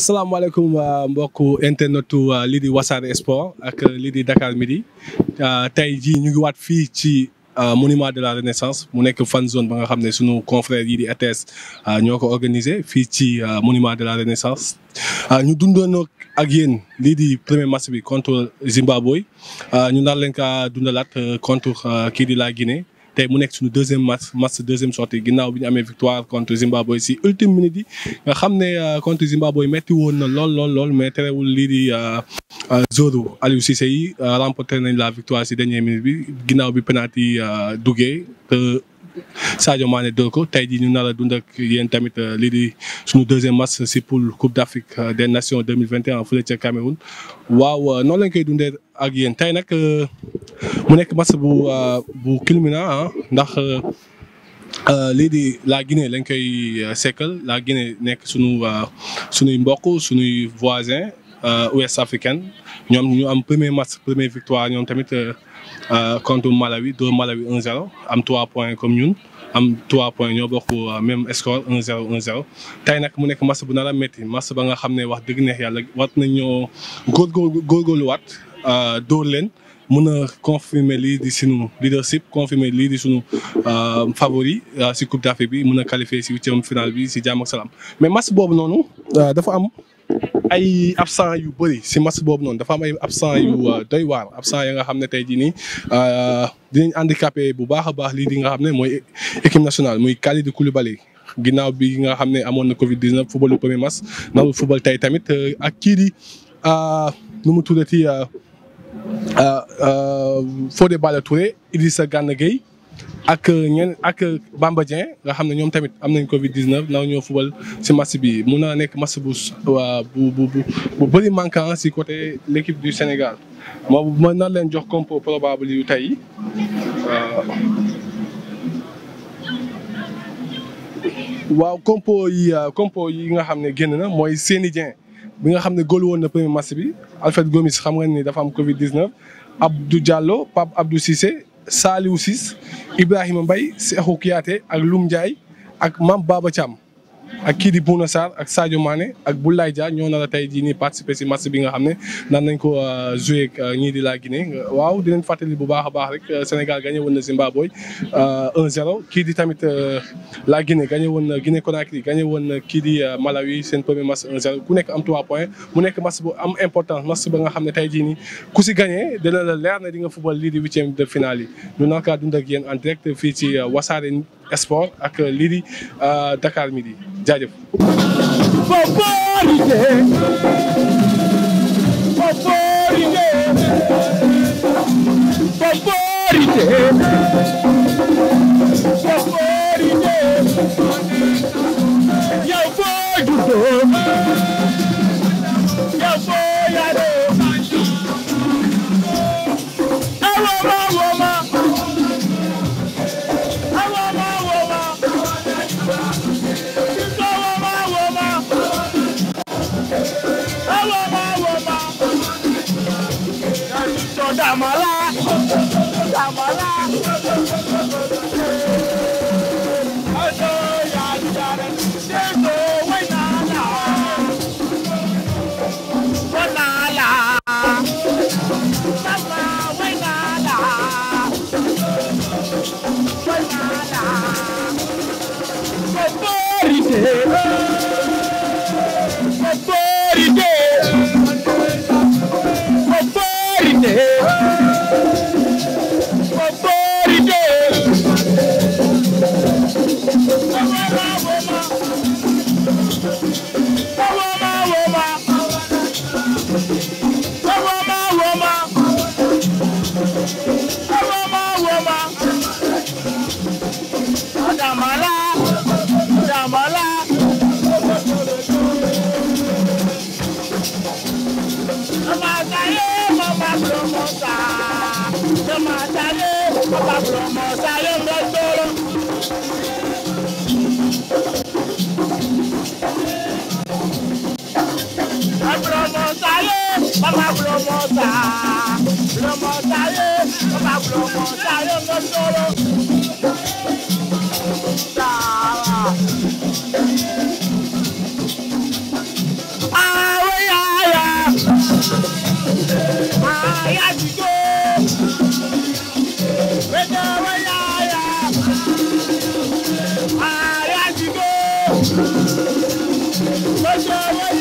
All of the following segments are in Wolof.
asalaamaaleykum euh, mbokku internetu euh, lii di Wassare Sport ak euh, lii di Dakar Midi tey jii ñu ngi waat fii ci monument de la renaissance mu nekk fan zone ba nga xam ne sunu confrère yi di RTS ñoo ko organisé fii ci monument de la renaissance. ñu dundoon ak yéen lii di premier match bi contre Zimbabwe ñu nar leen kaa dundalaat contre kii di la Guinée. tey mu nekk suñu deuxième match match deuxième sortie ginnaaw bi ñu amee victoire contre Zimbabwe si ultime minute yi nga xam ne euh, contre Zimbabwe metti woon na lool lool lool mais terewul lii di euh, euh, Zoro Aliou Cissé yi remporté nañ la victoire si dernière minute bi ginnaaw bi penalty duggee te Sadio Mané dóor ko tey jii ñu nar a dund ak yéen tamit euh, lii di suñu deuxième match si poule Coupe d'Afrique euh, des Nations 2021 fële ca Cameroun waaw euh, noonu lañ koy dundee ak yéen tey nag mu nekk match bu bu culminant ndax lii di la Guinée lañ koy sekkal la Guinée nekk suñu suñuy mbokk suñuy voisin ouest africaine ñoom ñu am premier match première victoire ñoom tamit Euh, contre Malawi dóor Malawi 1-0 am 3 points comme ñun am 3 points ñoo bokk euh, même score un 0 1-0 tey nag mu nekk match bu nar a métti match ba nga xam ne wax dëgg neex yàlla war nañoo góorgóorlu góorgóorluwaat euh, dóor leen mën a confirmer lii di sunu leadership confirmer lii di sunu favori si Coupe d'Afrique bi mën a qualifier si huitième finale bi si jàmm ak salaam mais match boobu noonu dafa am. ay absent yu bëri si match boobu noonu dafa am ay absent yu mm-hmm. euh, doy waar absent ya nga xam ne tey jii nii euh, dinañ handicapé bu baax a baax lii di nga xam ne mooy équipe nationale muy Kalidou Koulibaly ginnaaw bi nga xam ne amoon na Covid 19 football premier match nawul football tey tamit euh, ak kii di nu mu tuddati Fodé Ballo Touré Idrissa Gana Gueye ak euh, ñen ak euh, nga xam ne ñoom tamit am nañ Covid 19 naaw ñoo fubal si match bi mun na nekk match bu bu bu bu bëri manquant si côté l' équipe du Sénégal moom na leen jox compo probable tey. Euh, waaw compo yi compo yi nga xam ne génn na mooy Seny Dieng bi nga xam ne gol woon na premier match bi Alfred Gomis xam nga ni dafa am Covid 19 Abdou Diallo Pape Abdou Cissé. Saliou Ciss Ibrahima Mbaye Cheikhou Kouyaté ak Loum jaay ak Mame Baba Thiam ak kii di Bouna Sarr ak Sadio Mané ak Boulaye Dia ñoo nar a tey jii nii participer si match bi nga xam ne nan nañ ko euh, joué euh, ñii di laa Guinée waaw dinañ fàttali bu baax a baax rek euh, Sénégal gagné woon na Zimbabwe 1-0 kii di tamit laa Guinée gagné woon na Guinée Conakry gagné woon na kii di Malawi seen premier match 1-0 ku nekk am 3 points mu nekk match bu am important match ba nga xam ne tey jiini ku si gagné dina la leer na di nga football lii di huitième de finale yi ñu naan kaa dund ak sport ak lii di Dakar Midi jaajëf. Yo, boy, you Hey, hey, hey. lọ́mọ́ta lọ́mọ́ta yé bàbá lọ́mọ́ta yé lọ́sọ̀rọ̀. Àwọn yàrá àyà jíjó. Let's go, let's go.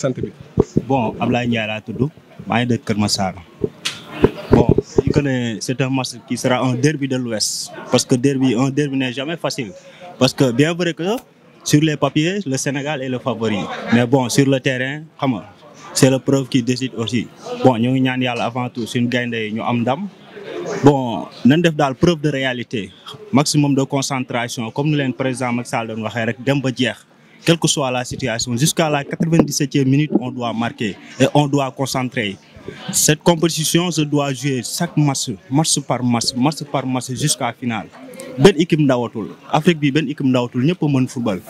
sant bi. bon Ablaye la laa tudd maa ngi dëkk Kër Massar bon ñu que ne c' est un match qui sera un derby de l'ouest parce que derby un derby n'est jamais facile parce que bien vrai que sur les papiers le Sénégal est le favori mais bon sur le terrain xam nga c' est la preuve qui décide aussi bon ñu ngi ñaan yàlla avant tout suñu gaynde yi ñu am dam bon na def daal preuve de réalité maximum de concentration comme ni leen président Macky Sall doon waxee rek dem ba jeex. quelle que soit la situation. Jusqu'à la 97e minute, on doit marquer et on doit concentrer. Cette compétition, je dois jouer chaque match, match par match, match par match jusqu'à la finale. benn équipe ndawatul Afrique bi benn équipe ndawatul ñëpp a mën football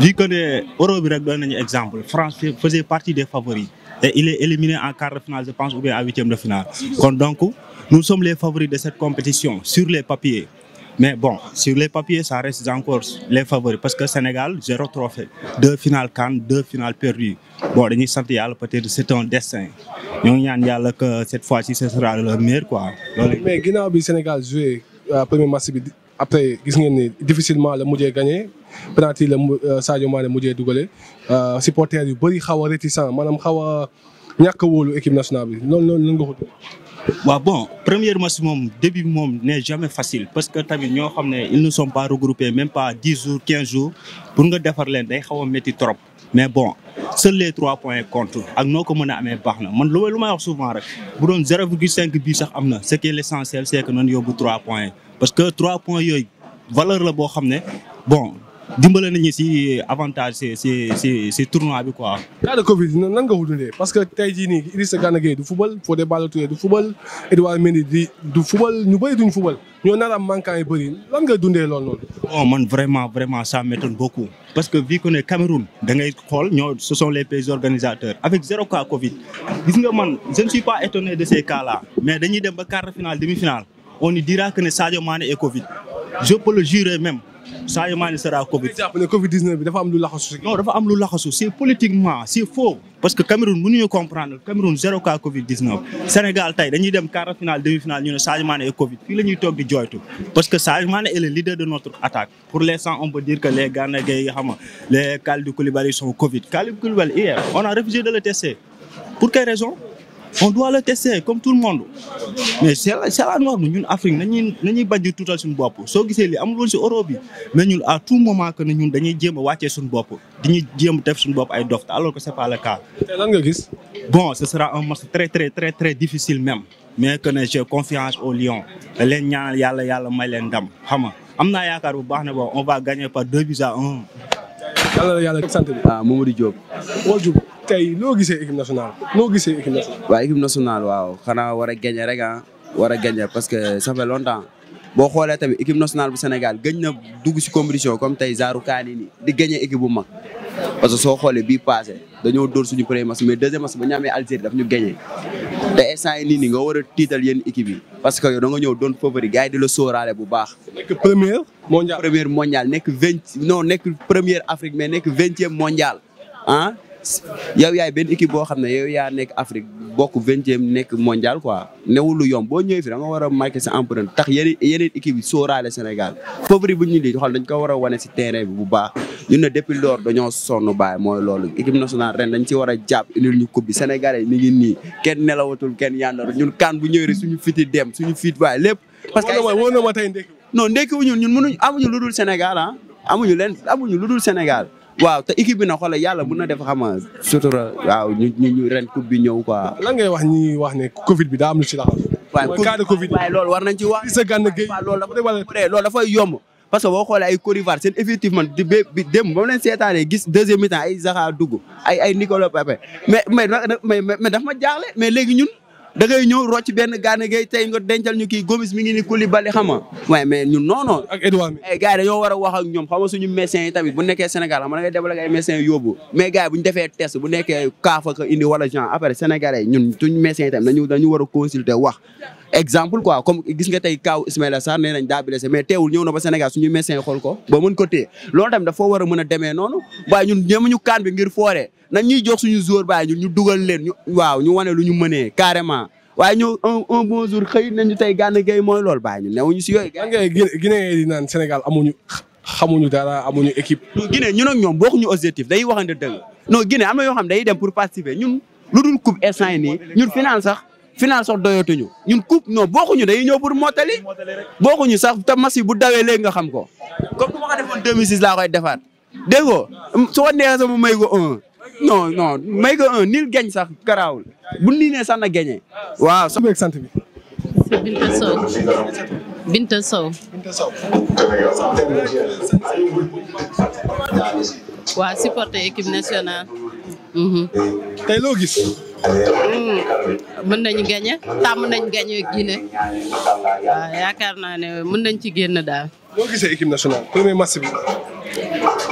vu que ne Europe bi rek doon nañu exemple France faisait partie des favoris et il est éliminé en quart de finale je pense ou bien à huitième de finale kon donc nous sommes les favoris de cette compétition sur les papiers Mais bon, sur les papiers, ça reste encore les favoris parce que Sénégal, zéro trophée. Deux finales Cannes, deux finales perdues. Bon, dañuy sant yàlla peut-être c'est un destin. ñoo ngi ñaan yàlla que cette fois-ci ce sera le meilleur quoi. loolu bi Sénégal joué euh, premier match bi après gis ngeen ni difficilement la mujjee gagné penalty la euh, Sadio Mané mujjee dugale euh, supporters yu bëri xaw a réticent maanaam xaw a ñàkk a wóolu équipe nationale bi noonu loolu lan nga ko. waaw bon premier match moom début bi moom n'est jamais facile parce que tamit ñoo xam ne ils ne sont pas regroupés même pas dix jours quinze jours pour nga defar leen day xaw a métti mais bon seuls les trois points comptent ak noo ko mën a amee baax na man lu may lu may wax souvent rek bu doon zéro virgule cinq bii sax am na ce qui est l'essentiel c'est que nañ yóbbu trois points parce que trois points yooyu valeur la boo xam ne bon. dimbale nañu si avantage si si si si tournoi bi quoi. cas de Covid nan nga ko dundee parce que tey jii nii Idrissa Gana du fubal Fodé ballo du fubal Edouard Mendy du ñu bëri duñ fubal ñoo nar am manquant yi bëri lan dundee lool noonu. bon oh, man vraiment vraiment ça m'étonne beaucoup. parce que vu qu'on est Cameroun da ngay xool ñoo ce sont les pays organisateurs avec zéro cas Covid gis nga pas étonné de ces cas mais dañuy dem ba quart de finale demi finale on y dira que ne Sadio Mané est Covid Sadio Mané sera Covid. Covid 19 dafa am lu laxasu. non dafa politiquement c' faux. parce que Cameroun mënuñu comprendre Cameroun zéro cas Covid 19. Sénégal tey dañuy dem quart final demi final ñu ne Sadio Mané Covid fii la ñuy toog di parce que Sadio Mané le leader de notre attaque. pour l' instant on peut dire que les Gana Gueye yi xam nga les Kalidou Koulibaly sont Covid Kalidou Koulibaly hier on a refusé de le tester pour quelle raison. on doit le tester comme tout le monde mais c'est la c'est la norme ñun Afrique nañuy nañuy bañ di tuutal suñu bopp soo gisee li amul woon si Europe mais ñun à tout moment que ñun dañuy jéem a wàccee suñu bopp dañuy jéem a def suñu bopp ay dof alors que c'est pas le cas. lan bon ce sera un match très très très très difficile même mais que ne j'ai confiance au Lions da leen ñaanal yàlla yàlla may leen ndam xam nga am naa yaakaar bu baax ne bon on va gagner par deux buts à un. yàlla yàlla sant bi. ah Mamadou Diop. tey loo gisee équipe nationale waaw équipe nationale waaw xanaa war a gagner rek ah war parce que ça fait longtemps boo xoolee tamit équipe nationale bu Sénégal gëj na dugg si compétition comme tey Zarou Kani nii di gagner équipe bu mag. parce que soo xoolee bii passé dañoo dóor suñu premier match mais deuxième match ba ñu amee Algérie daf ñu gagner te instant yi nga war tiital yenn équipe parce que yow da nga ñëw doon favori gars yi di la sóoraale bu baax. nekk première mondial première mondial nekk vingt non nekk Afrique mais nekk vingtième mondial ah. yow yaay benn équipe boo xam ne yow yaa nekk Afrique bokk vingtième nekk mondial quoi newul lu yomb boo ñëwee fi da nga war a marqué sa empreinte tax yeneen yeneen équipe yi sóoraale Sénégal favori bu ñu di xool dañ ko war wane si terrain bi bu baax ñun ne depuis lors dañoo sonn baay mooy loolu équipe nationale ren dañ ci war a jàpp indil ñu coupe bi Sénégalais ni ngi nii kenn nelawatul kenn yàndaru ñun kaan bu ñëwee suñu fiti dem suñu fit waay lépp parce que wóor na ma tey ndékki non ndékki wuñu ñun mënuñ amuñu lu dul Sénégal ah. amuñu leen amuñu lu dul waaw te équipe bi na xoolal yàlla mën na def xam nga sutura waaw ñu ñu ren coupe bi ñëw quoi. lan wax ñi wax ne Covid bi daa am lu ci laxas. waaye cas de Covid waaye loolu war nañ ci wax. sa gànn géej loolu dafay yomb. parce que boo xoolee ay Côte d'Ivoire seen effectif man di bi ba mu leen seetaanee gis deuxième mi-temps ay Zaha dugg ay ay Nicolas Pepe mais mais dafa ma jaaxle mais léegi ñun. da ngay ñëw rocc benn gaane gay tey nga dencal ñu kii Gomis mi ngi ni Koulibaly xam nga waaye mais ñun non non. ak Edouard mi eh, a wax ak ñoom xam nga suñu médecins yi tamit bu nekkee Sénégal xam nga da ngay débloqué ay médecins yu yóbbu bu ñu defee test bu nekkee kaaf ak indi wala genre après sénégalais ñun suñu médecins yi tamit dañu dañu war a consulter wax exemple quoi comme gis nga tey kaaw Ismaïla Sarr nee nañ daa blessé mais teewul ñëw na ba Sénégal suñu médecin xool ko ba mën ko téye loolu tamit dafa war a mën a demee noonu waaye ñun ñemuñu kaan bi ngir fooree nañ ñuy jox suñu joueur baay ñun ñu dugal leen ñu waaw ñu wane lu ñu mënee carrément waaye ñu un un bon jour xëy nañu tey Gana Gueye mooy loolu baay ñu newuñu si yooyu. Gana Gueye Guinée di naan Sénégal amuñu xamuñu dara amuñu équipe. Guinée ñun ak ñoom bokkuñu objectif day waxante dëgg non Guinée am na yoo xam day dem pour participer ñun lu dul coupe nii final sax doyatuñu ñun coupe non bokkuñu dañuy ñëw pour mottali. bokkuñu sax te match yi bu dawee léegi nga xam ko. kom bu ma ko defoon 2006 laa koy defaat dégg nga su ko neexee sax ma may ko un non non may ko un nil gañ sax garaawul bu nii nee sax na gañee waaw. sant bi. Binta Sow Binta Sow. waa supporter équipe nationale. Mhm. tey mën nañu gañe tàmm nañ gañe Guinée waaw yaakaar naa ne mën nañ ci génn daal. boo gisee équipe nationale premier match bi.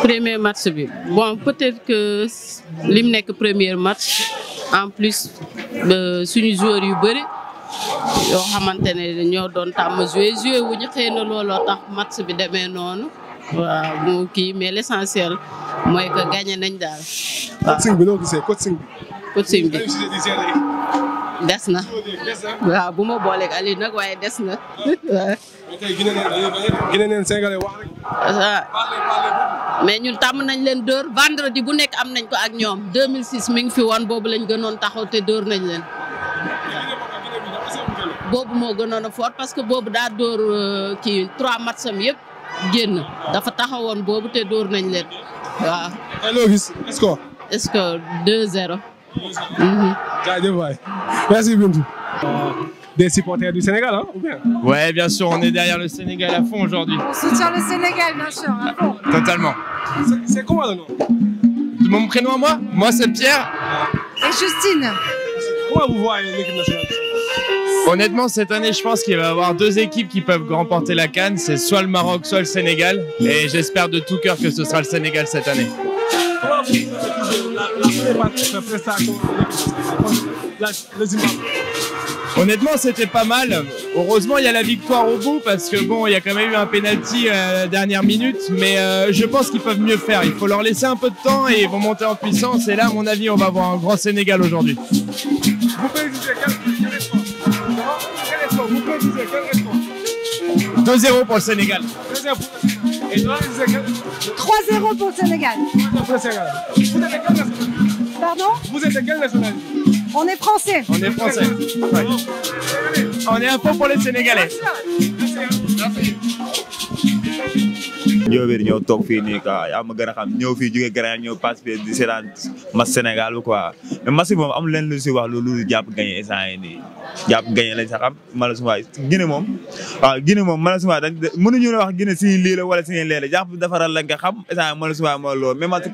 premier match bi bon peut-être que lim nekk premier match en plus suñu joueurs yu bëri yoo xamante ne ñoo doon tàmm jouer jouer wu ñu xëy na looloo tax match bi demee noonu. waaw mu kii mais l'essentiel mooy que gagné nañ daal. waaw coaching bi noo gisee coaching bi. des na waaw bu ma booleeg Aliou nag waaye des na. mais ñun tàmm nañ leen dóor vendredi bu nekk am nañ ko ak ñoom 2006 mi ngi fi woon boobu lañ gënoon taxaw te dóor nañ leen. boobu moo gënoon a fort parce que boobu daa dóor euh, kii trois matcham yëpp génn dafa woon boobu te dóor nañ leen waaw. loo gis est-ce que. est-ce Mhm. jaajëf waay merci Bintou. des supporters du Sénégal hein ou bien. ouais bien sûr on est derrière le Sénégal à fond aujourd'hui. on soutient le Sénégal bien sûr à fond. totalement. c'est comment le nom. mon prénom à moi moi c'est Pierre. et Justine. comment vous voyez l'équipe nationale. Honnêtement, cette année, je pense qu'il va y avoir deux équipes qui peuvent remporter la Cannes. C'est soit le Maroc, soit le Sénégal. Et j'espère de tout cœur que ce sera le Sénégal cette année. Honnêtement, c'était pas mal. Heureusement, il y a la victoire au bout parce que il y a quand même eu un penalty euh, dernière minute, mais euh, je pense qu'ils peuvent mieux faire. Il faut leur laisser un peu de temps et ils monter en puissance. Et là, mon avis, va voir un grand Sénégal aujourd'hui. Vous pouvez pour le Sénégal. 2-0 pour le Sénégal. Pardon Vous êtes de quelle nationalité On est français. On est français. Ouais. On est un peu les Sénégalais. ñoo wér ñëw toog fii nii quoi yaa ma gën a xam ñëw fii jóge Grand ñëw participer di seetaan Sénégal bi quoi mais match moom amul leen lu si wax loolu jàpp gagné instant yi nii jàpp gagné lañ sax am malheureusement Guinée moom waaw Guinée moom malheureusement dañ mënuñu la wax Guinée si lii la wala si lee la jàpp defaral la nga xam instant yi moo loolu mais match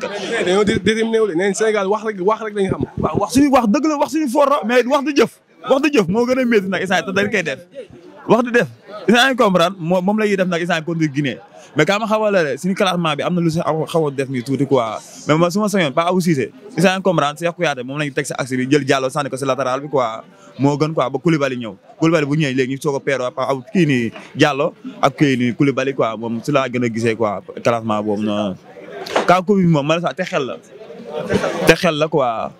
dañoo déterminé wu neen Sénégal wax rek wax rek lañ xam wax suñu wax dëgg la wax suñu for mais wax du jëf wax du jëf moo gën a métti nag instant yi te dañ def wax di def instant yii comprendre moom la ñuy def nag instant yii ma xaw a la suñu classement bi am na lu si xaw a def nii tuuti quoi mais ma moom la ñu teg si axe bi jël Diallo sànni ko si latéral bi quoi moo gën quoi ba Koulibaly ñëw léegi ñu soog a peeroo pa aw kii nii Diallo ak kii nii Koulibaly quoi moom si laa gën a gisee quoi classement boobu noonu. kaa coupe bi moom ma ne sax te xel la. te xel la quoi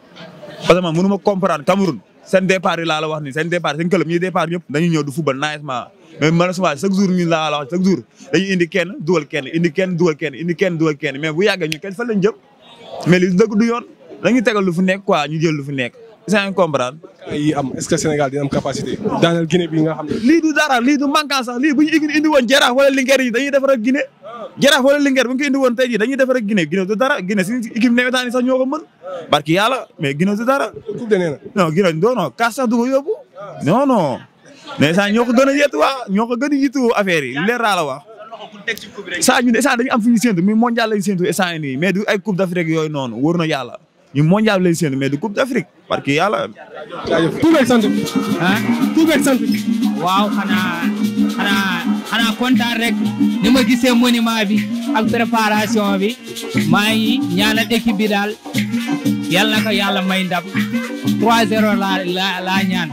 parce que man mënu ma seen départ yi laa la wax ni seen départ seen club ñuy départ ñëpp dañuy ñëw du football naajement mais malheureusement chaque jour ñu laa la wax chaque jour dañuy indi kenn dugal kenn indi kenn dugal kenn indi kenn dugal jëm mais li dëgg du yoon dañuy tegal lu fi nekk quoi ñu jël lu nekk c'est incomparable. yi am est-ce que Sénégal dina am capacité daaneel Guinée bi nga xam ne. lii du dara lii du manquant sax lii bu ñu indi woon Jaraaf wala Linguère yi dañuy defar ak Guinée. Jaraaf wala Linguère bu ñu ko indi woon tey jii dañuy defar ak Guinée Guinée du dara Guinée suñu équipe nawetaan yi sax ñoo ko mën. barki yàlla mais Guinée du dara. coupe de nee na. non Guinée non non kaas sax du ko yóbbu. non non. mais sax ñoo ko gën a yettu waa ñoo ko gën a yitu affaire yi leer laa la wax. saa ñu ne saa dañu am fu ñu séntu muy mondial lañu séntu saa yi nii mais du ay coupe d'Afrique yooyu noonu wóor na yàlla ñu mondial lay séen mais du Coupe d'Afrique parce que yàlla. jaajëf tuubeeg sant waaw xanaa xanaa xanaa kontaan rek ni ma gisee monument bi ak préparation bi maa ngi ñaanal équipe bi daal yal na ko yàlla may ndam 3-0 laa la laa ñaan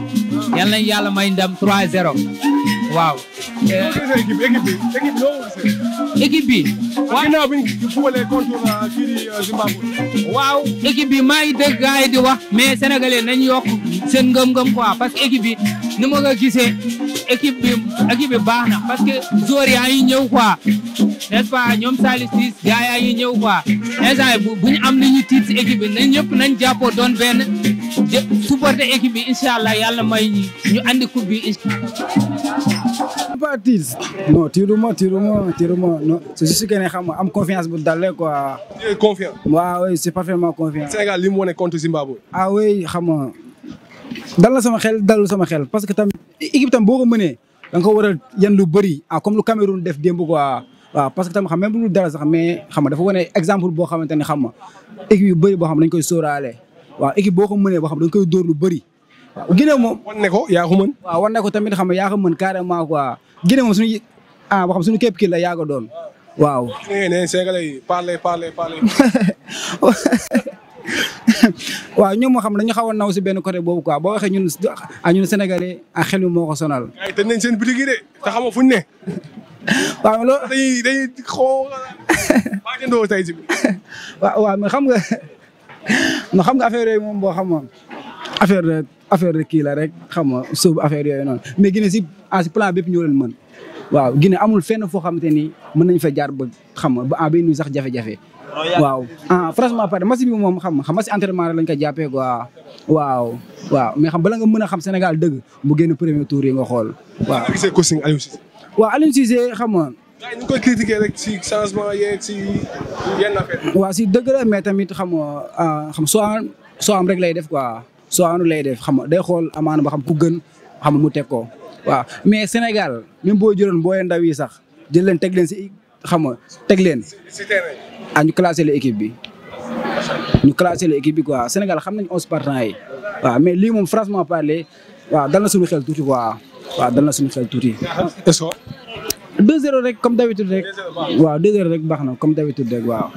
yal nañu yàlla may ndam 3-0 waaw. boo gisee bi équipe bi. waaw ginnaaw bi ñu fubalee euh, di euh, bi maa ngi dégg gars yi wax. mais sénégalais nañ yokk seen ngëm-ngëm quoi parce que équipe bi ni ma ko gisee équipe bi parce que joueurs yaa ngi ñëw quoi n'est-ce pas ñoom Salif Ciss gars yaa ngi ñëw quoi instant bu bu am li ñu tiit si équipe ñëpp nañ jàppoo doon benn supporter équipe bi incha allah yàlla may ñu andi coupe bi incha pas tiit non tiiruma tiiruma tiiruma non c'est juste que ne xam am confiance sama xel parce que tamit équipe boo ko mënee da ko war a yan lu bëri ah comme lu Cameroun def démb quoi. waaw parce que tam xam même lu dara sax mais xam nga dafa wane exemple boo xamante ne xam nga équipe yu bëri boo xam dañ koy sóoraale waaw équipe boo ko mënee boo xam dañ koy dóor lu bëri. waaw Guinée moom. ko yaa ko mën. waaw ko tamit xam nga yaa ko Guinée moom suñu ah boo xam suñu képp yaa ko waaw. ñoom moo xam dañu xaw a naw si benn côté boobu quoi boo waxee ñun ah ñun sénégalais ah xel mi moo ko sonal. ay tëj te xamoo fuñ ne. waaw loolu dañuy dañuy xoo. maa xam nga mais xam nga affaire yooyu moom boo xamoon affaire affaire kii la rek xam nga suuf affaire yooyu noonu mais Guinée en si plan bépp ñoo leen mën waaw Guinée amul fenn foo xamante ni mën nañ fa jaar ba xam nga ba en bay sax jafe-jafe. waaw ah franchement pare match bi moom xam xam match entraînement rek lañ ko jàppee quoi waaw. waaw mais xam bala nga mën a xam Sénégal dëgg mu génn premier tour yi nga xool waaw. gisee coaching Aliou Cissé. waaw Aliou xam nga. waaw ñu koy critiquer rek si changement dëgg la mais tamit xam nga xam soo am soo am rek lay def quoi soo am lay def xam nga day xool amaana ba xam ku gën xam mu teg ko. waaw mais Sénégal même boo jëloon booyee ndaw yi sax jël leen si xam nga teg leen. ah ñu classé la équipe bi. ñu classé la équipe bi quoi Sénégal xam nañ onze partant yi. waa mais lii moom franchement parler waa dal na suñu xel tuuti quoi waaw dal na suñu xel tuuti. est 2-0 comme d'habitude rek. waaw rek baax na comme d'habitude rek waaw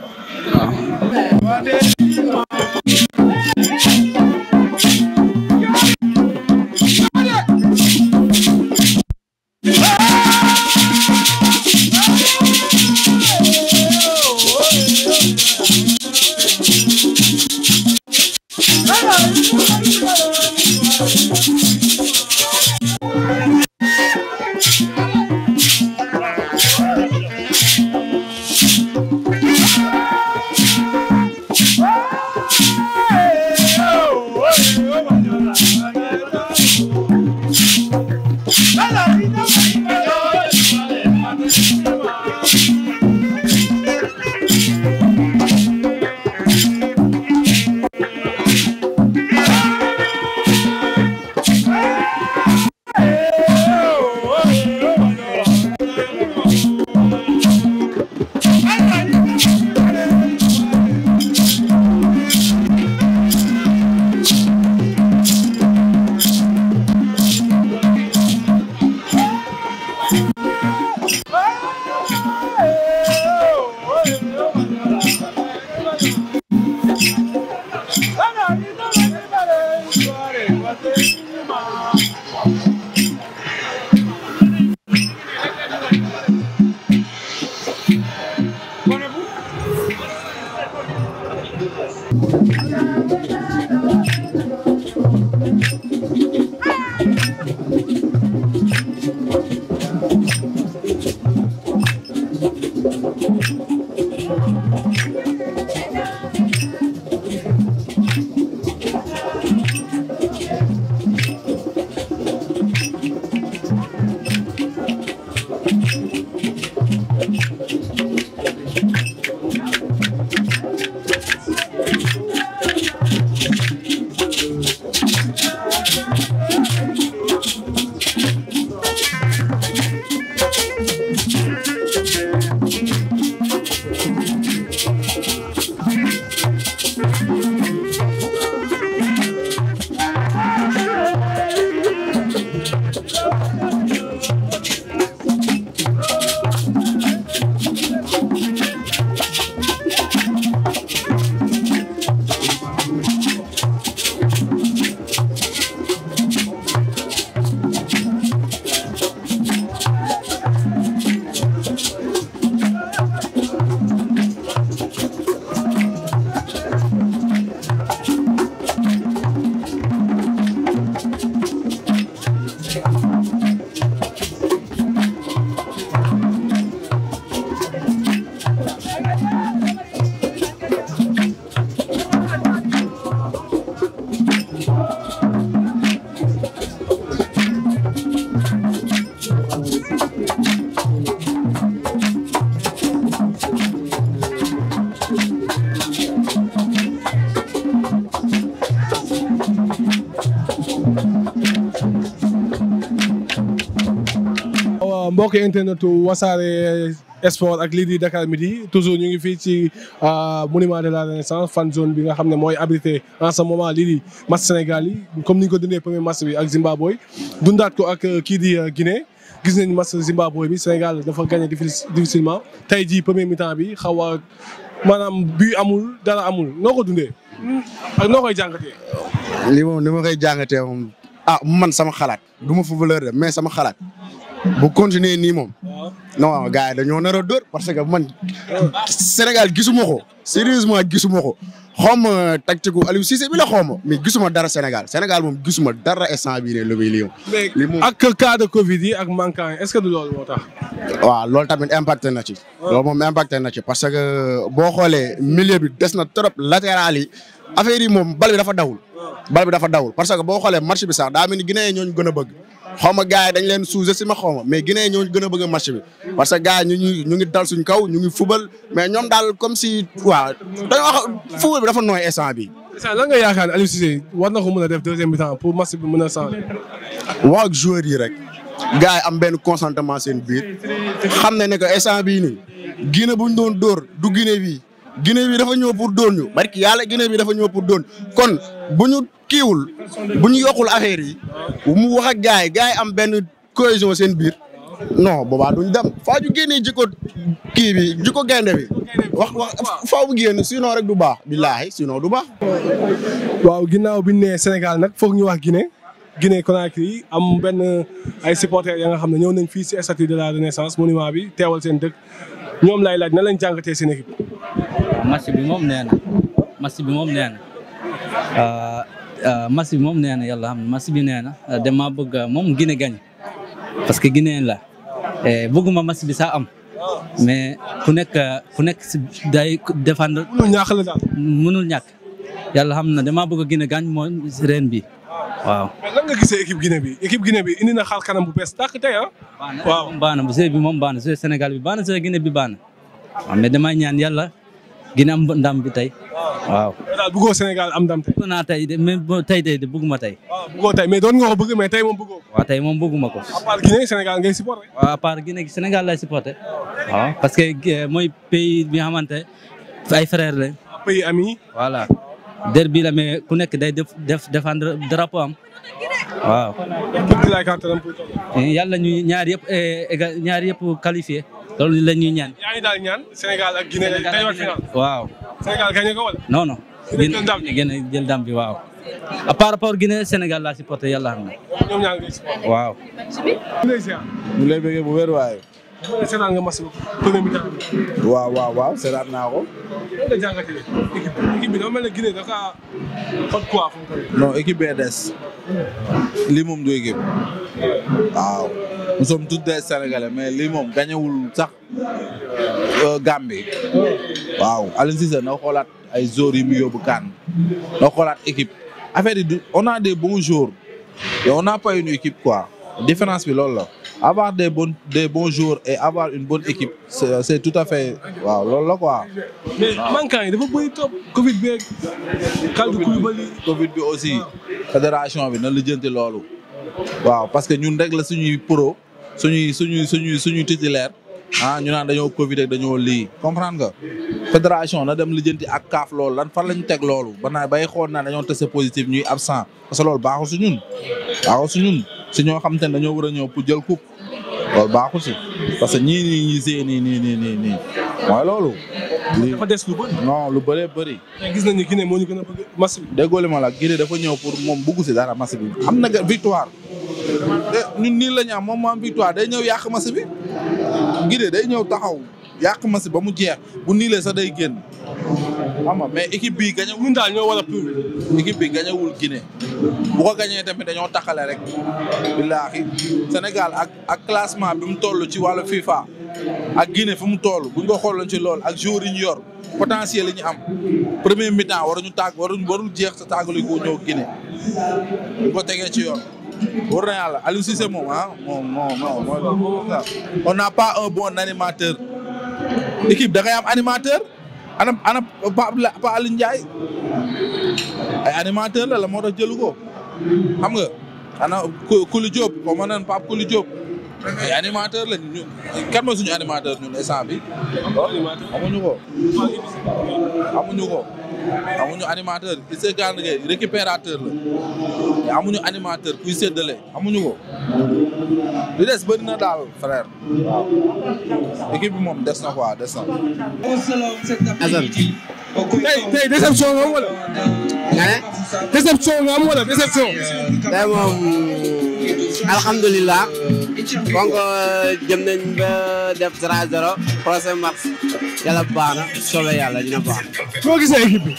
mbokki internet wasaare sport ak lii di Dakar midi toujours ñu ngi fii ci euh, monument de la renaissance fan zone bi nga xam ne mooy abrité en ce moment lii Sénégal yi comme ni ñu ko dundee premier match bi ak Zimbabwe dundaat ko ak euh, kii di euh, Guinée. gis nañ match Zimbabwe bi Sénégal dafa gagné difficilement tey jii premier mi-temps bi xaw a maanaam bi amul dara amul noo ko dundee ak noo koy jàngatee. li ni ma koy jàngatee moom ah man sama xalaat du ma footballeur de mais sama xalaat bu continuer nii moom. non gars yi dañoo nar a parce que man Sénégal gisuma ko sérieusement gisuma ko xaw ma tactique Aliou Cissé bi la xaw ma mais gisuma dara Sénégal Sénégal moom gisuma dara instant bii ne lu muy lii ak cas de Covid yi ak manquant yi est-ce que du loolu moo tax. waaw loolu tamit impacté na ci. Ah. loolu moom impacté na ci parce que boo xoolee millier bi des na trop latéral yi affaire yi moom bal bi dafa dawul. Ah. bal bi dafa dawul parce que boo xoolee match bi sax daa mel ni Guinée ñooñu a bëgg. xaw ma gars leen sous-estimé xaw ma mais Guinée ñoo gën a bëgg bi parce que gars ñu ñu ngi dal suñ kaw ñu ngi fubal mais ñoom daal comme si waaw fubal bi dafa nooy instant bi instant lan nga yaakaar ne Aliou Cissé war na ko mën a def deuxième mi-temps pour match bi mën a changer. waaw ak yi rek gars yi am benn consentement seen biir xam ne ne que instant bii nii Guinée bu ñu doon door du Guinée bi Guinée bi dafa ñëw pour doon ñu barki yàlla Guinée bi dafa ñëw pour doon kon bu kiiwul bu ñu yokkul affaire yi mu wax ak gars yi gars yi am benn cohésion seen biir non boobaa duñ dem faa ñu génnee jikko kii bi jikko gaynde bi wax wax faaw bu génn sinon rek du baax billaahi sino du baax. waaw ginnaaw bi ñu nee Sénégal nag foog ñu wax Guinée Guinée Conakry am benn ay supporters ya nga xam ne ñëw nañ fii si statue de la Renaissance monument bi teewal seen dëkk ñoom lay laaj na lañ jàngatee seen équipe. match bi moom nee na bi moom nee Euh, match bi moom nee na yàlla xam match bi neena na euh, damaa mom euh, moom Guinée gañ parce que Guinéen la bëgguma match bi saa am mais fu nekk ku nekk si day défendre. mënul ñàkk la daal mënul ñàkk yàlla xam na damaa bëgg Guinée gañ mooy ren bi waaw. mais lan nga gisee équipe bi équipe Guinée bi indi na xaal kanam bu bees tàkk tey ah. waaw baax na bu see bi moom baax na Sénégal bi baax na Guinée ñaan yàlla. gën a am ndam bi tey waaw. daal bëggoo Sénégal am ndam tey. bëgg naa tey de mais tey tey de bëgguma tey. waaw bëggoo tey mais doon nga ko bëgg mais tey moom bëggoo. waaw tey moom bëgguma ko. à part Guinée Sénégal ngay supporté. waaw à part Guinée Sénégal lay supporté. waaw parce que euh, mooy pays bi nga xamante ay frères la. pays ami. voilà derby la mais ku nekk day def def défendre drapeau am. waaw. Eh, yàlla ñu ñaar yëpp eh, ñaar yëpp qualifié. loolu la ñuy ñaan. yaa daal ñaan Sénégal ak Guinée waaw. Sénégal jël dam bi waaw. par rapport Guinée Sénégal laa supporté yàlla xam na. waaw. ñu lay bëggee bu wér waaye. seetaan nga match bi bi. waaw waaw waaw seetaan naa ko. lan la jàngatee équipe bee des. lii moom du équipe. waaw. nous sommes des sénégalais mais lii moom gañewul sax euh, Gambie waaw Aliou Cissé na xoolaat ay joueurs yi mu yóbbu kaan na xoolaat équipe affaire yi on des bons joueurs et on n'a une équipe quoi différence bi loolu la avoir des bons des bons joueurs et avoir une bonne équipe c'est, c'est tout à fait waaw loolu la quoi. mais manquant yi dafa bëri trop Covid bi Kalidou Koulibaly Covid bi aussi fédération bi na lijjanti loolu. waaw parce que ñun rek la pro suñuy suñuy suñuy suñuy titulaire ah ñu naan dañoo Covid dañoo lii comprendre nga. fédération na dem lijanti ak kaaf loolu lan fan la ñu teg loolu ba naa bay xool naa dañoo testé positif ñuy absent parce que loolu baaxul si ñun baaxul si ñun si ñoo xam te ne dañoo war a ñëw pour jël coupe loolu baaxul si parce que ñii nii ñii see nii nii nii nii nii mooy loolu. dafa des lu bëri. non lu moo ñu gën a bëgg match bi. déggoo li la Guinée dafa ñëw pour moom bugg si dara match bi am na victoire. ñun nii la ñu am moom moo am victoire day ñëw yàq match bi Guédé day ñëw taxaw yàq ma si ba mu jeex bu niilee sax day génn xam nga mais équipe bi gañe ñun daal ñoo war a pur équipe bi gañewul bu ko gañee tamit dañoo taxale rek billaahi Sénégal ak ak classement bi mu toll ci wàllu FIFA ak gine fu mu toll buñ ko xooloon ci lool ak joueurs yi ñu yor potentiel yi ñu am premier mi-temps waruñu tàgg waruñu warul jeex sa tàggali ko ñëw Guinée bu ko tegee ci yoon war na yàlla Aliou Cissé moom ah moom moom moom on n'a pas un bon animateur équipe da ngay am animateur ana ana Pa Aliou Ndiaye ay animateur la la moo tax jëlu ko xam nga ana Kouly Diop xaw ma naan Pape Kouly Diop ay animateur lañ ñu kan mooy suñu animateur ñun instant bi amuñu ko amuñu ko amuñu animateur Issa Gana Gueye récupérateur la amuñu animateur kuy séddale amuñu ko li des bëri na daal frère waaw équipe bi moom des na des na. Assane. tey tey déception nga am wala. nga ne. déception nga am wala déception. tey moom. alhamdulilah donc euh, jëm nañ ba def 3-0 prochain match yàlla baax na soobee yàlla dina baax. soo gisee équipe bi.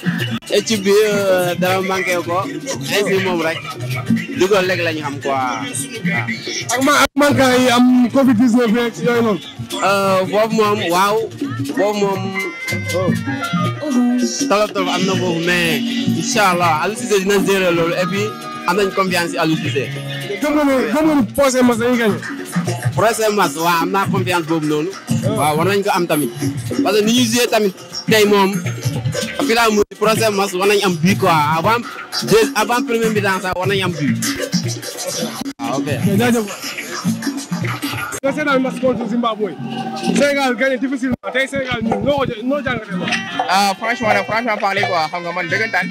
équipe bi euh, dama manqué ko ainsi moom rek dugal léegi la xam quoi waaw. ak ma ak manquant yi am Covid 19 beeg yooyu noonu. boobu euh, moom waaw boobu moom. tolof tolof am na boobu mais incha allah Aliou dina gérer loolu et am nañ confiance ci Aliou gëm nga ni gëm nga ni prochain match dañuy gagné. prochain match waaw am naa confiance boobu noonu. waaw war nañ ko am tamit. parce ni ñuy joué tamit tey moom. fi laa mu prochain match nañ am but quoi avant avant premier mi-temps sax war am but. ok. nga seetaan match contre Zimbabwe Sénégal gagné difficilement tey Sénégal ñun noo noo jàngatee loolu. ah franchement nag franchement parler quoi xam nga man dëggantaan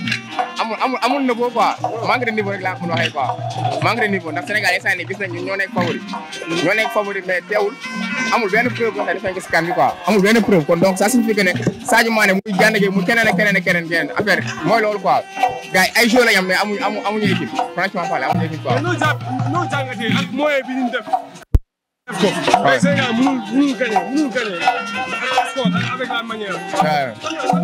amul amul amul niveau quoi manque de niveau rek ko mën a waxee quoi manque de niveau ndax Sénégal instant yii gis amul benn preuve boo xam ne daf mu keneen ak keneen ak mooy loolu quoi gars ay joueurs la ñu am mais amuñu amuñu équipe franchement parler amuñu équipe quoi. mais noo jàpp noo def. ko waaw Sénégal mënul mënul gagné mënul gagné avec la manière. waaw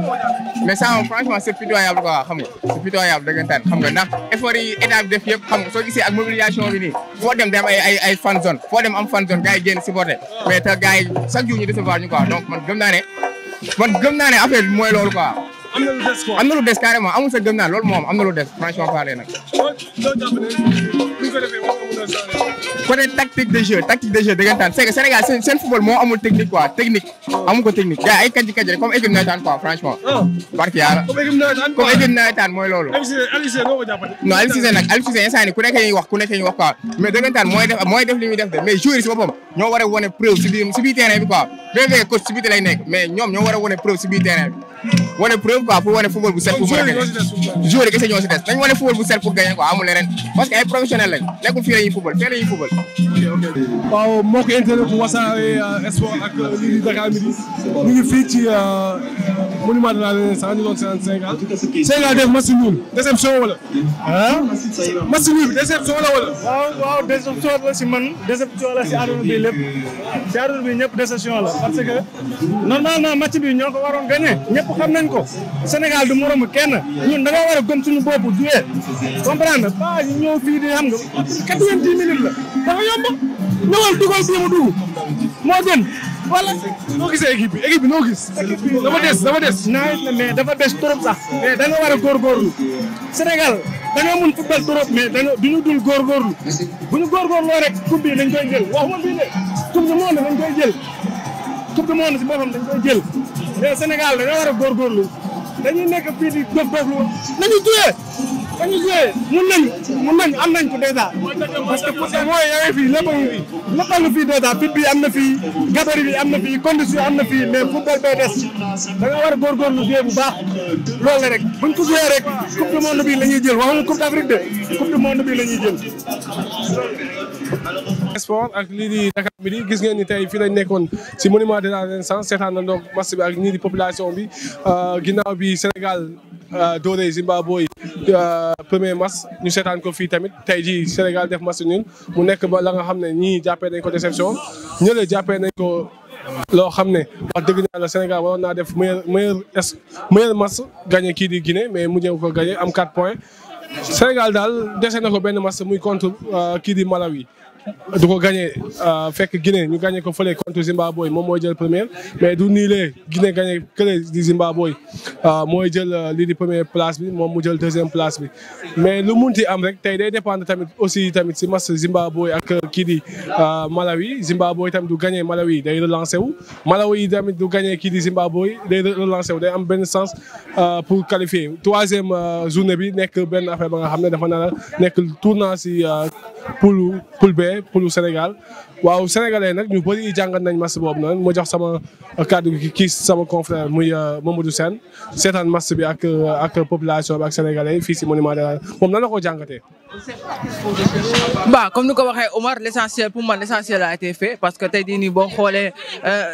mais ça franchement c'est pitoyable quoi xam nga c'est pitoyable dëggantaan xam nga ndax effort yi état bi xam nga soo gisee ak mobilisation bi nii foo dem dem ay fan zone foo dem am fan zone gars yi génn mais te gars yi chaque jour ñu décevoir ñu quoi donc man gëm naa ne man gëm naa ne affaire bi mooy loolu quoi. am na lu des quoi am na lu des carrément amul sa gëm naa loolu moom am na lu des franchement parler nag. côté tactique de jeu tactique de jeu dëggantaan c'est que Sénégal seen seen football moo amul technique quoi technique amu ko technique gars ay kàjj kàjj rek comme équipe nawetaan quoi franchement. Ah. barke yàlla comme équipe nawetaan comme équipe nawetaan mooy loolu. Aliou Cissé noo ko jàppale. non Aliou Cissé nag Aliou Cissé instant ku nekk ñuy wax ku nekk ñuy wax quoi mais dëggantaan mooy def mooy def li muy def de mais joueurs yi si boppam ñoo war a wane preuve si biir si biir terrain bi quoi bien vrai que coach si biir lay nekk mais ñoom ñoo war a wane preuve si biir terrain bi. wane preuve quoi pour wane football bu set pour mën a gagner joueur yi kese ñoo si des dañ wane football bu set pour gagner quoi amul parce que ay professionnel lañ nekkul fii football fii la football waaw mbokk internet bu Wassare euh, Sport ak euh, lii di Dakar Midi ñu ngi fii ci euh, monument de la Renaissance ñu doon seetaan Sénégal waaw waaw déception parce que normalement match bi ñoo ko waroon gagner ñëpp xam na nañ ko Sénégal du moromu kenn ñun da nga war a gëm suñu bopp jouer comprendre pas ñu ñëw fii di xam nga quatre-vingt-dix la dafa yomb ñëwal dugal bii mu dugg moo gën wala noo gisee équipe bi équipe bi noo gis dafa des dafa des naawet na dafa des trop sax mais da nga war a góorgóorlu Sénégal da nga mun football trop mais da nga du ñu dul góorgóorlu bu ñu góorgóorloo rek coupe bi dañ koy jël waxuma bii ne coupe du monde dañ koy jël coupe du monde si boppam koy jël mais Sénégal dañoo war a góorgóorlu nekk fii di dof dof lu nañu juyee dañu juyee mun nañu mun nañu am nañ ko dèjà parce parce que mooy yaa ngi fii lépp a ngi fii lépp a ngi fii dèjà fit bi am na fii gabarit bi am na fii condition am na fii mais football bay des war a góorgóorlu juyee bu baax loolu la bu buñ ko juyee rek coupe du monde bi la ñuy jël waxuma coupe d'Afrique de coupe du monde bi la ñuy jël sport ak lii di Dakar bi di gis ngeen ni tey fii lañ nekkoon si monument de la Renaissance seetaan na donc match bi ak ñii di population bi euh, ginnaaw bi Sénégal euh, doore Zimbabwe euh, premier match ñu seetaan ko fii tamit tey jii Sénégal def match ñun mu nekk ba la nga xam ne ñii jàppee nañ ko déception ñële jàppee nañ ko loo xam ne wax dëgg naa la Sénégal waroon naa def meilleur meilleur meilleur match gagné kii di Guinée mais mu mujjee ko gagné am 4 points Sénégal daal dese na ko benn match muy contre kii di Malawi du ko gagné euh, fekk Guinée ñu gagné ko fële contre Zimbabwe moom mooy jël première mais du nii lee Guinée gagné kële di Zimbabwe euh, mooy jël euh, lii di première place bi moom mu jël deuxième place bi. mais lu munti am rek tey day dépendre tamit aussi tamit si match Zimbabwe ak kii di Malawi Zimbabwe tamit du gagné Malawi day relancé wu. Malawi tamit du gagné kii di Zimbabwe day relancé wu day am benn sens pour qualifier troisième journée bi nekk benn affaire ba nga xam ne dafa nar a nekk tournant si pour pour Sénégal waaw sénégalais nag ñu bëri jàngat nañ match boobu noonu ma jox sama kàddu gi kii sama confrère muy euh, Mamadou Sène seetaan match bi ak euh, ak population bi ak sénégalais fii si monument de moom na la ko jàngatee. waaw comme ni ko waxee Omar l' essentiel pour man l' a été fait parce que tey jii nii boo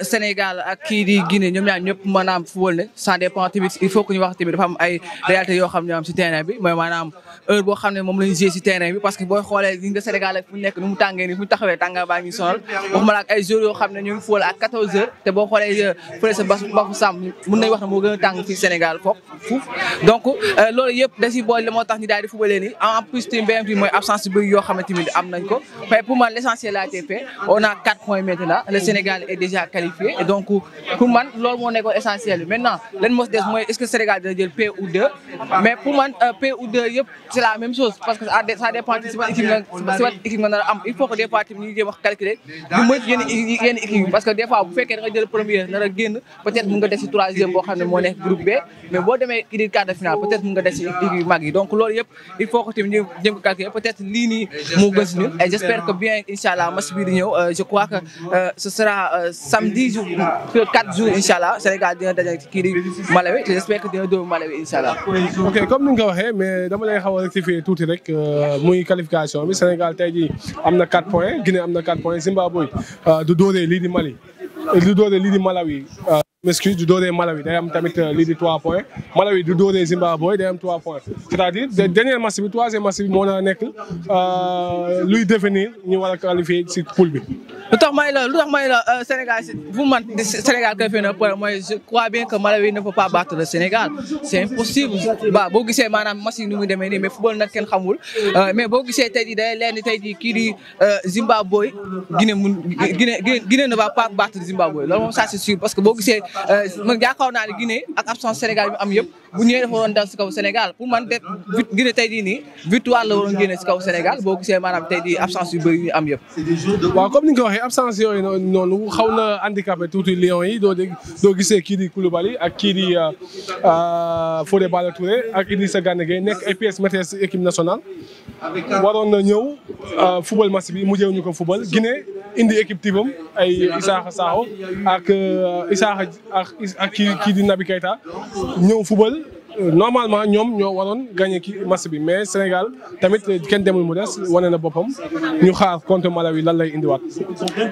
Sénégal ak kii di ñoom ñaar ñëpp maanaam football ne ça dépend tamit il faut que ñu wax tamit dafa ay réalité yoo xam ne am si bi mooy maanaam heure boo xam ne moom la ñu joué si terrain bi parce que boo xoolee gis nga Sénégal fu nekk nu mu fu ñu taxawee tànga baa ngi ñu ngi football euh, ne moo gën a tàng fii Sénégal donc euh, loolu yëpp da si boole moo tax ni BMT mooy absence yu yoo xamante ni am nañ ko pour man l' essentiel la ATP on a 4 points maintenant le Sénégal est déjà qualifié et donc pour man loolu moo nekkoon essentiel bi maintenant lan mos des mooy est ce que Sénégal dina jël P ou 2 mais pour man euh, P ou 2 yëpp c' la même chose parce que ça dépend ci ban équipe nga ci ban da peut être mun nga des ci troisième xam ne moo nekk groupe B mais boo demee quart de finale peut être mun ko calculer peut-être lii nii moo gën si ñun et j'espère que bien incha allah match bi di ñëw euh, je crois que euh, euh, samedi jour quatre jours incha allah Sénégal dina daje kii di Malawi j'espère que dina dóor Malawi incha allah. ok comme ni nga ko waxee mais dama lay xaw a rectifier tuuti rek muy qualification bi Sénégal tey jii am na 4 points Guinée am na 4 points Zimbabwe du dóoree lii di Mali du dóoree lii di Malawi. m'excuse du dooree Malawi day am tamit euh, lii di 3 points Malawi du dooree Zimbabwe day am points c'est-à-dire dernier match bi troisième match bi na nekk euh, luy définir ñu war a qualifier ci poule bi. lu tax may la euh, Sénégal bu man Sénégal qualifié na point mooy je crois bien que Malawi ne peut pas battre le Sénégal c'est impossible ba boo gisee maanaam match yi nu muy demee nii mais football nag kenn xamul mais boo gisee tey jii day leen ni kii di Zimbabwe Guinée mun Guinée Guinée ne va pas battre Zimbabwe loolu Euh, man yaakaar naa ne Guinée ak absence Sénégal bi am yëpp bu ñëwee dafa waroon si kaw Sénégal pour man de Guinée tey jii nii victoire la waroon génne si kaw Sénégal boo gisee maanaam tey jii yu bëri am yëpp. waaw comme ni nga ko waxee absence yooyu noonu xaw na handicapé tuuti Lions yi doo dégg doo gisee kii di Koulibaly ak kii di euh, euh, Fodé Ballo-Touré ak Idrissa Gana Gueye nekk ay pièces maîtresses équipe nationale. waroon na ñëw euh, football match bi mujjee ñu ko football Guinée indi équipe tibam ay Isaaxa Sakho ak euh, Isaaxa ak ak kii kii di Naby Keita football. normalement ñoom ñoo waroon gagné ki match bi mais Sénégal tamit kenn demul mu des wane na boppam ñu xaar contre Malawi lan lay indiwaat.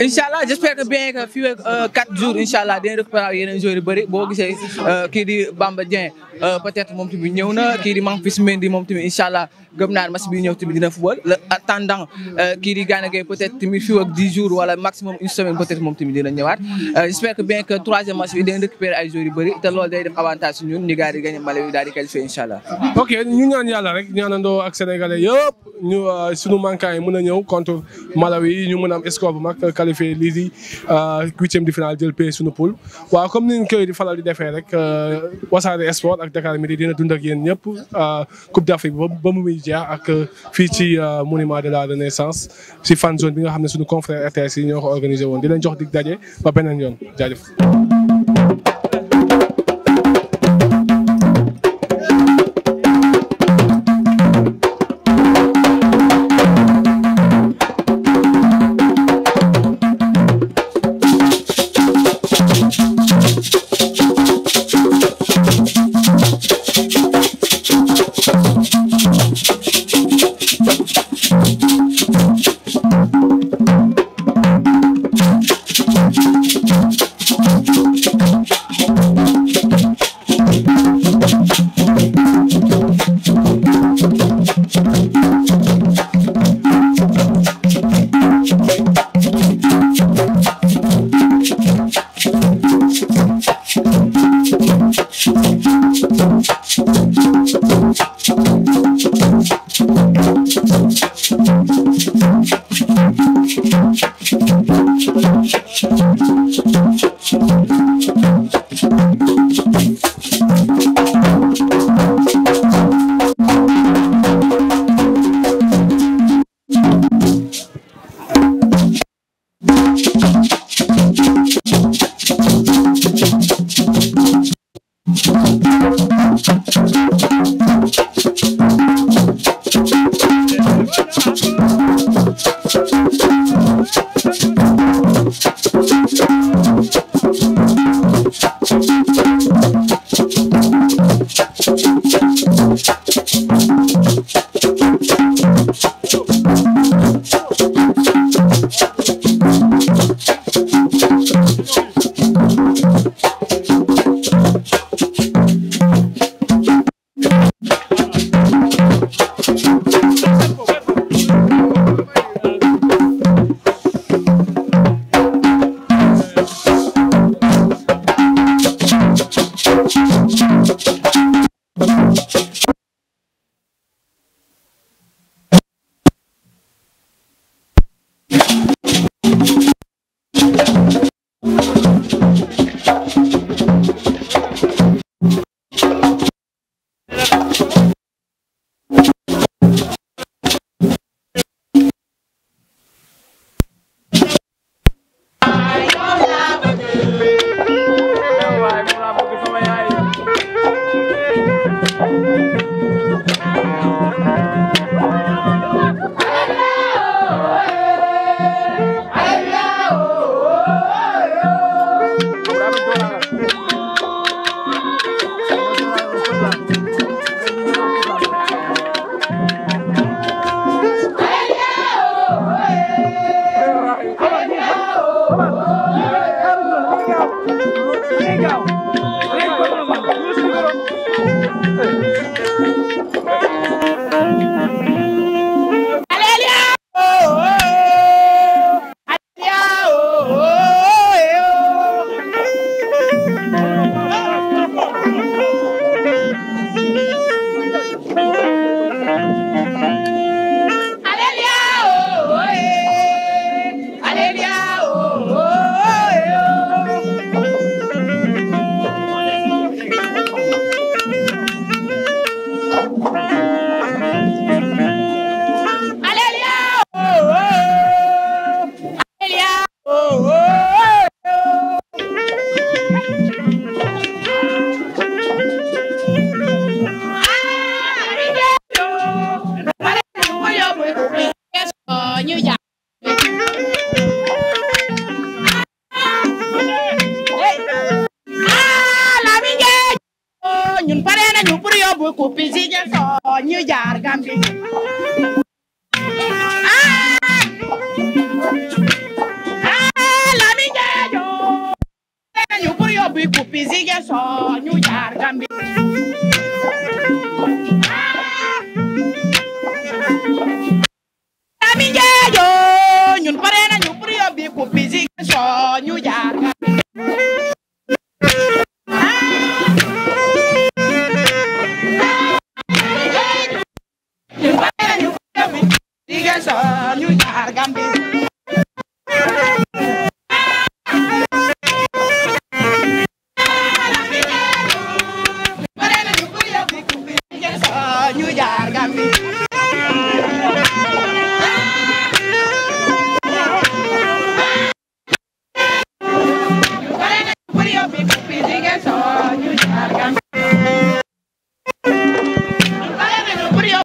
incha allah j' espère que bien que fii ak 4 euh, jours incha allah dinañ yeneen joueurs yu bëri boo gisee euh, kii di Bamba Dieng euh, peut être moom tamit ñëw na kii di Memphis Mendy moom tamit incha allah gëm naa bi ñëw tamit dina football attendant kii di Gana Gueye peut être tamit fii ak 10 jours wala maximum une semaine peut être daal di qualifié incha allah. ok ñu ñaan yàlla rek ñaanandoo ak sénégalais yëpp ñu euh, suñu manquant yi mën a ñëw contre Malawi yi ñu mën a am score bu mag qualifié lii di euh, huitième de finale jël pays suñu poule. waaw comme ni ñu falal di defee rek euh, wasaare sport ak Dakar Midi dina dund ak yéen ñëpp Coupe d'Afrique ba mu muy jeex ak fii ci monument de la renaissance si fan zone bi nga xam ne suñu confrère RTS yi ñoo ko organisé woon di leen jox dig daje ba beneen yoon jaajëf.